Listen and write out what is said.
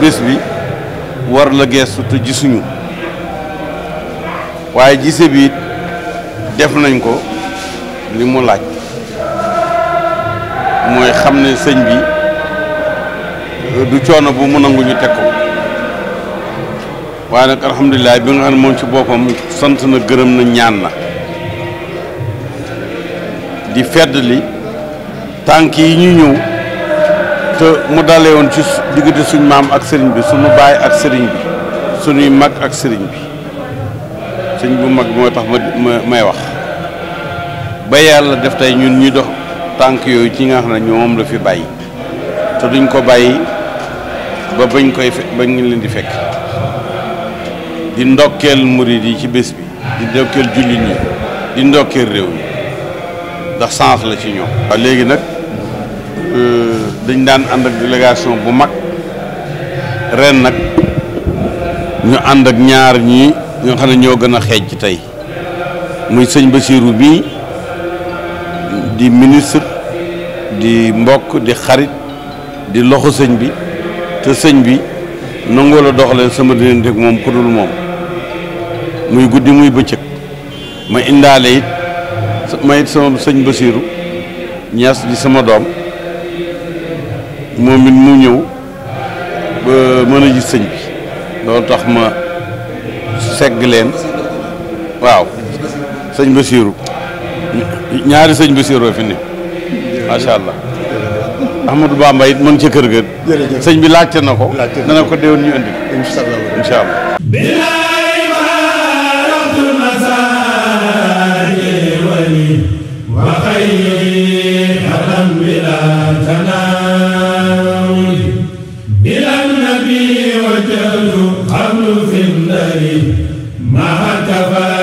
bés bi war la geestu te gisuñu waaye gise bi def nañ ko li mu laaj mooy xam ne sëñ bi du coono bu mu nangu ñu teg ko waaye nag alhamdulilah bi nga xam ne moom ci boppam sant na gërëm na ñaan na di fedd li tànk yi ñu ñëw te mu dalee woon ci diggante suñ maam ak sëriñ bi suñu ak sëriñ bi suñuy mag ak sëriñ bi sëñ bu mag moo tax ma may wax ba yàlla def tey ñun ñuy dox tànk yooyu ci nga xam ne ñoom la fi bàyyi te duñ ko bàyyi ba bañ koy ba bañ leen di fekk di ndokkeel murid yi ci bés bi di ndokkeel jullit ñi di ndokkeel réew mi ndax sens la ci ñoom. waaw léegi nag. Euh, dañ daan ànd ak délégation bu mag ren nag ñu ànd ak ñaar ñi ñoo xam ne ñoo gën a xeej ci tey muy sëñ basiiru bii di ministre di mbokk di xarit di loxo sëñ bi te sëñ bi nangoo la doxalee sama diggante ak moom ku dul moom muy guddi muy bëccëg ma indaale it ma it sama sëñ Bassirou ñas di sama doom moom it mu ñëw ba mën a gis sëñ bi loolu tax ma segg leen waaw sëñ Basiiru ñaari sëñ Basiiru fi ne macha allah Ahmadou Bamba it mën ca kër ga sëñ bi laajte na ko dana ko déwoon ñu indi incha allah وخير حدا بلا تنام يجد حمل في النار ما كفى